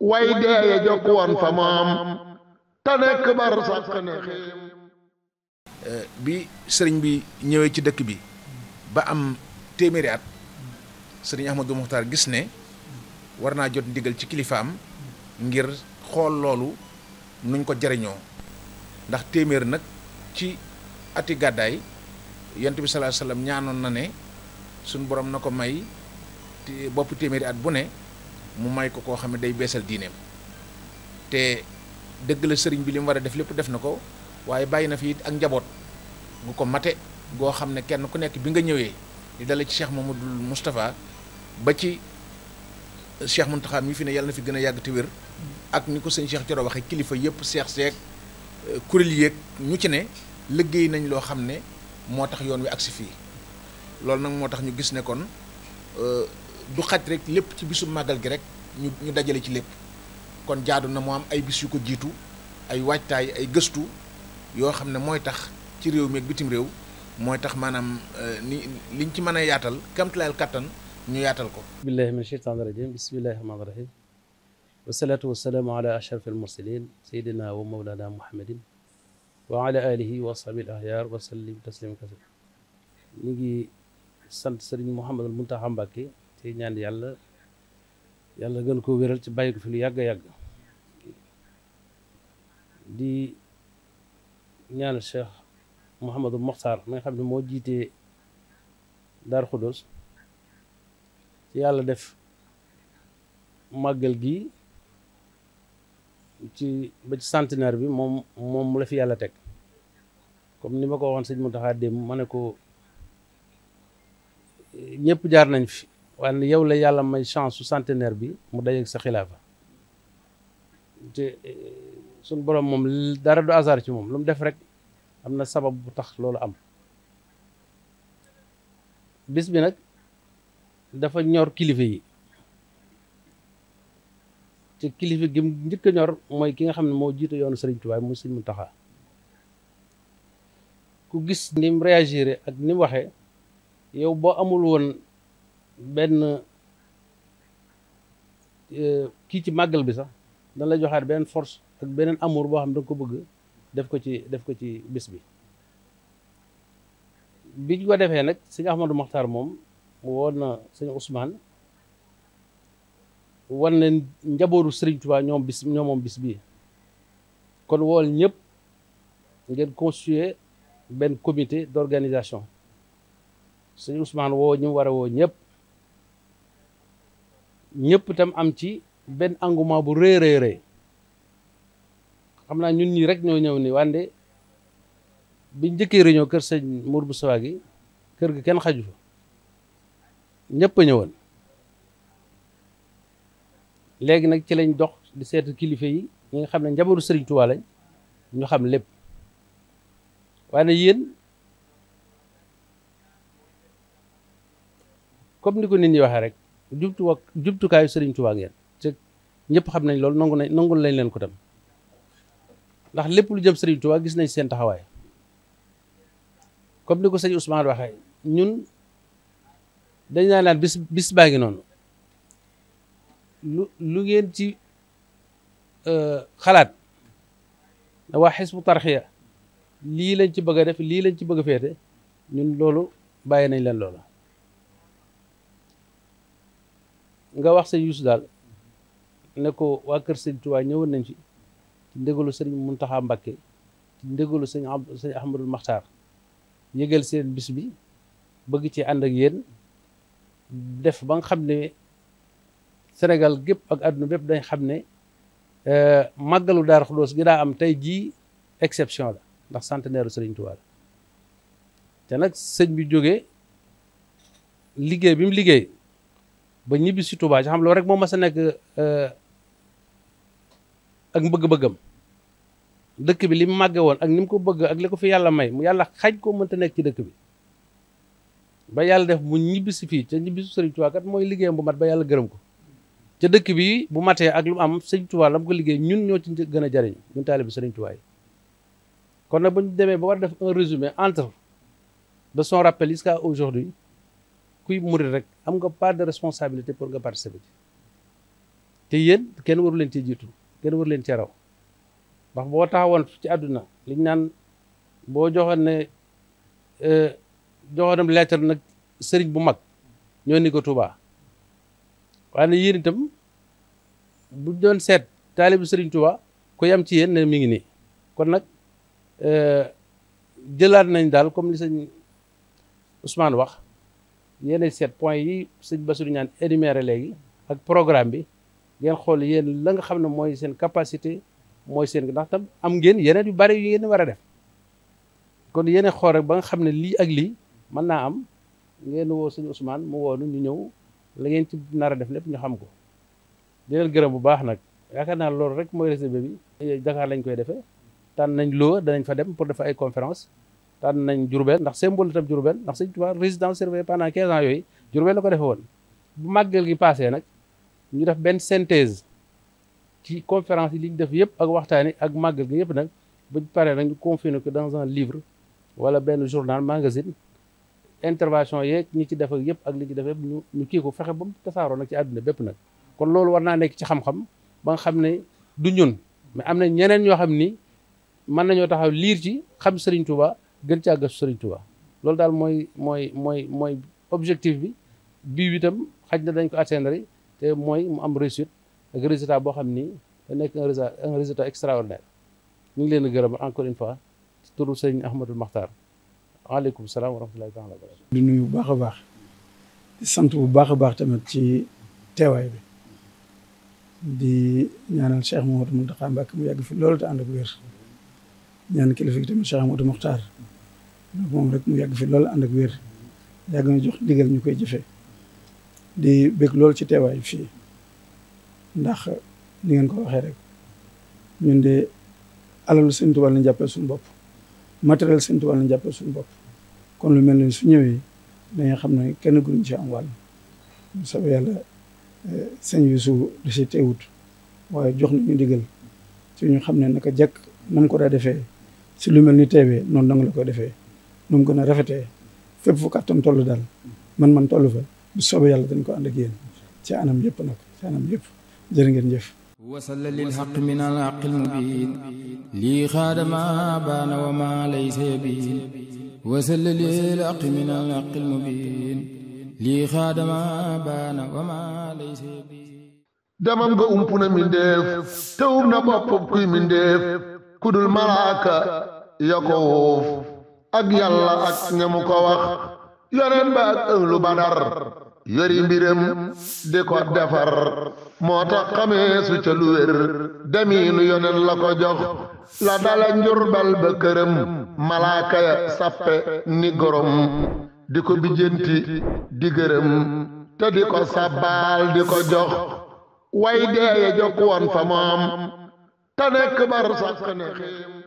way deeye jokk woon fa moom te nekk bar sàq ne xéem bi sëriñ bi ñëwee ci dëkk bi ba am téeméeri at sëriñ Ahmadou Mokhtar gis ne war naa jot ndigal ci kilifaam ngir xool loolu nuñ ko jariñoo ndax téeméer nag ci ati gàddaay yonent bi sallallahu alayhi ñaanoon na ne suñ borom na ko may te bopp téeméeri at bu ne mu may ko koo xam ne day beesal diineem te dëgg la sëriñ bi li war a def lépp def na ko waaye bàyyi na fi ak njaboot gu ko mate goo xam ne kenn ku nekk bi nga ñëwee di dale ci Cheikh dul Moustapha ba ci Cheikh Mountakha mi fi ne yàlla na fi gën a yàgg te ak ni ko sëñ Cheikh Thioro waxee kilifa yëpp seex seek euh, kuréel yeeg ñu ci ne liggéey nañ loo xam ne moo tax yoon wi agsi fii loolu nag moo tax ñu gis ne kon euh, du xaj rek lépp ci bisu màggal gi rek ñu ñu dajale ci lépp kon jaadu na mu am ay bis yu ko jiitu ay waajtaay ay gëstu yoo xam ne mooy tax ci réew mi ak bitim réew mooy tax maanaam euh, ni ñu ci mën a yaatal kamtilayal kattan ñu yaatal ko billahi min sheytaani rajim bismillahi rahmaani rahim wasalaatu wasalaamu ala ashraf almursalin sayidina wa mawlana muhammadin wa ala alihi wa ashabi al ahyar wa sallim taslima kasir ñu ngi sant sëriñ Mouhamadul Muntaxa Mbàkke te ñaan yàlla yàlla gën koo wéral ci bàyyi ko fi lu yàgg yàgg di ñaan Cheikh Mouhamadou Mokhtar mi nga xam ne moo jiitee Dar Khoudoss ci yàlla def màggal gi ci ba ci centenaire bi moom mu la fi yàlla teg comme ni ma ko waxoon sëñ Mountakha démb ma ne ko ñëpp jaar nañ fi waaye yow la yàlla may chance su centenaire bi mu dajeeg sa xilaafa te eh, suñ borom moom dara du hasard ci moom lu mu def rek am na sabab bu tax loolu am bis bi nag dafa ñor kilifa yi te kilifa gi mu njëkk ñor mooy ki nga xam ne moo jiite yoonu Serigne Touba mu Serigne Mountakha ku gis ni mu réagir ak ni waxe waxee boo amul woon benn euh, kii ci màggal bi sax dana la joxaat benn force ak beneen amour boo xam ne danga ko bëgg def ko ci def ko ci bis bi biñ ko defee nag sëñ Ahmadou Maxtaar moom woon na sëñ Ousmane wan leen njabootu Serigne ñoom bis ñoom moom bis bii kon wool ñépp ngeen constituer benn comité d'organisation sëñ Ousmane woo ñu war woo ñëpp ñëpp itam am ci benn engouement bu rëy rëy rëy xam naa ñun ñi rek ñoo ñëw ni wande biñ njëkkee réunion kër sëñ Mour Moustapha gi kër gi kenn xaju fa ñëpp a ñëwoon léegi nag ci lañ dox di seet kilifa yi ñi nga xam ne njabootu sëriñ Touba lañ ñu xam lépp waaye yéen comme ni ko nit ñi waxee rek jubtuwa jubtukaayu sëriñ Tuubaa ngeen te ñëpp xam nañ loolu nangu nañ nangul lañ leen ko tam ndax lépp lu jëm sëriñ Tuubaa gis nañ seen taxawaay comme ni ko sëñ Ousmane waxee ñun dañ naa naan bis baa ngi noonu lu lu ngeen ci euh, xalaat ne waa xisbu tarxiya lii lañ ci bëgg a def lii lañ ci bëgg a féete ñun loolu bàyyi nañ leen loolu nga wax sëñ Youssou daal ne ko waa kër sëñ Touba ñëwoon nañ ci ci ndégalu sëñ Mountakha Mbacké ci ndégalu sëñ sëñ Ahmadul Maxtaar yëgal seen bis bi bëgg ci ànd ak yéen def ba nga xam ne Sénégal gépp ak àdduna bépp dañ xam ne euh, màggalu Daaru Xudoos gi daa am tey jii exception la ndax centenaire sëriñ Touba la te nag sëñ bi jógee liggéey bi mu liggéey ba ñibbi si Touba ci xam loolu rek moo mas a nekk euh, ak bëgg-bëggam dëkk bi li mu màgge woon ak ni mu ko bëgg ak li ko fi yàlla may mu yàlla xaj ko mënta nekk ci dëkk bi ba yàlla def mu ñibbi si fii te ñibbi si Sëriñ kat mooy liggéey bu mat ba yàlla gërëm ko ca dëkk bi bu matee ak lu am sëñ Touba la ko liggéey ñun ñoo ci gën a jariñ ñun taalibi sëriñ Touba kon nag bu demee ba war def un résumé entre de son rappel jusqu'à aujourd'hui kuy murit rek am nga part de responsabilité pour nga participer ci te yéen kenn waru leen ci jiitu kenn waru leen ci raw ndax boo taxawoon ci àdduna liñ naan boo joxoon ne euh, joxoonam lettre nag sëriñ bu mag ñoo ni ko Touba waaye nag yéen itam bu doon seet taalibu sëriñ Touba ku yam ci yéen ne mi ngi nii kon nag euh, jëlaat nañ daal comme li sëñ Ousmane wax yene set point yi seigne Bassirou Niane énuméré légui ak programme bi ngeen xol yeen la nga xamne moy seen capacité moy seen ndax tam am ngeen yeneen yu bari yu ngeen wara def kon yene xor rek ba nga xamne li ak li man na am ngeen wo seigne Ousmane mu woonu ñu ñew la ngeen ci nara def lepp ñu xam ko di leen gërëm bu baax nak yaakaar naa loolu rek mooy réseau bi Dakar lañ koy defee tan nañ loo danañ fa dem pour def ay conférence tànn nañ Diourbel ndax symbole tam Diourbel ndax Sëñ Tuubaa résidence surveillée pendant 15 ans yooyu Diourbel la ko defee woon bu màggal gi passé nag ñu def benn synthèse ki conférence yi li def yëpp ak waxtaan ak màggal gi yëpp nag buñ paree nag ñu ku ko dans un livre wala benn journal magazine intervention yeeg ñi ci def ak yëpp ak li ci def yëpp ñu ñu kii ko fexe ba mu tasaaroo nag ci àdduna bépp nag kon loolu war naa nekk ci xam-xam ba nga xam ne du ñun mais am na ñeneen ñoo xam ni mën nañoo taxaw liir ci xam Sëriñ Tuubaa gën caa gëstu Serigne Touba loolu daal mooy mooy mooy mooy objectif bi bii itam xaj na dañ ko atteindre te mooy mu am réussite ak résultat boo xam ni da nekk un résultat un résultat extraordinaire ñu ngi leen di gërëm encore une fois ci turu Serigne Ahmadou Makhtar waaleykum salaam wa rahmatullahi taala wa di nuyu bu baax a baax di sant bu baax a baax tamit ci teewaay bi di ñaanal Cheikh Mouhamadou Mountakha Mbacké mu yàgg fi loolu te ànd ak wér ñaan kilifa gi tamit Cheikh Amadou Mokhtar moom rek mu yàgg fi loolu ànd ak wér yàgg na jox ndigal ñu koy jëfee di bëgg loolu ci teewaay fii ndax ni ngeen ko waxee rek ñun de alalu Sëñ Tuubaa lañ jàppee suñu bopp matériel Sëñ Tuubaa lañ jàppee suñu bopp kon lu mel ni su ñëwee danga xam ne kenn guruñ ci am wàll sab yàlla sëñ Yuusu da si teewut waaye jox nañu digal ci ñu xam ne naka jekk nam ko daa defee si lu mel ni teewee noonu danga la koy defee nu mu gën a rafetee fépp fu kàttan toll daal man man toll fa bu soobee yàlla dañ ko ànd ak yéen ci anam yëpp nag ci anam yëpp jërë ngeen jëf wasalla lilxaq wa ma laysa yabin min alxaq almubin lii xaada ma baana wa ma laysa yabin damam nga umpu na mindeef te um na bopp kuy mindeef kudul malaaka ya ko wóof ak yàlla ak ñamu ko wax yonen ba ak ënglu badar yori mbiram di ko defar moo xamee su demiinu yonen la ko jox la dala njurbal ba këram malaaka ya sappe ni gorom di ko bijjanti di gërëm te di ko sabbaal di ko jox way deeye jokk woon fa moom تنک بر سکن خیم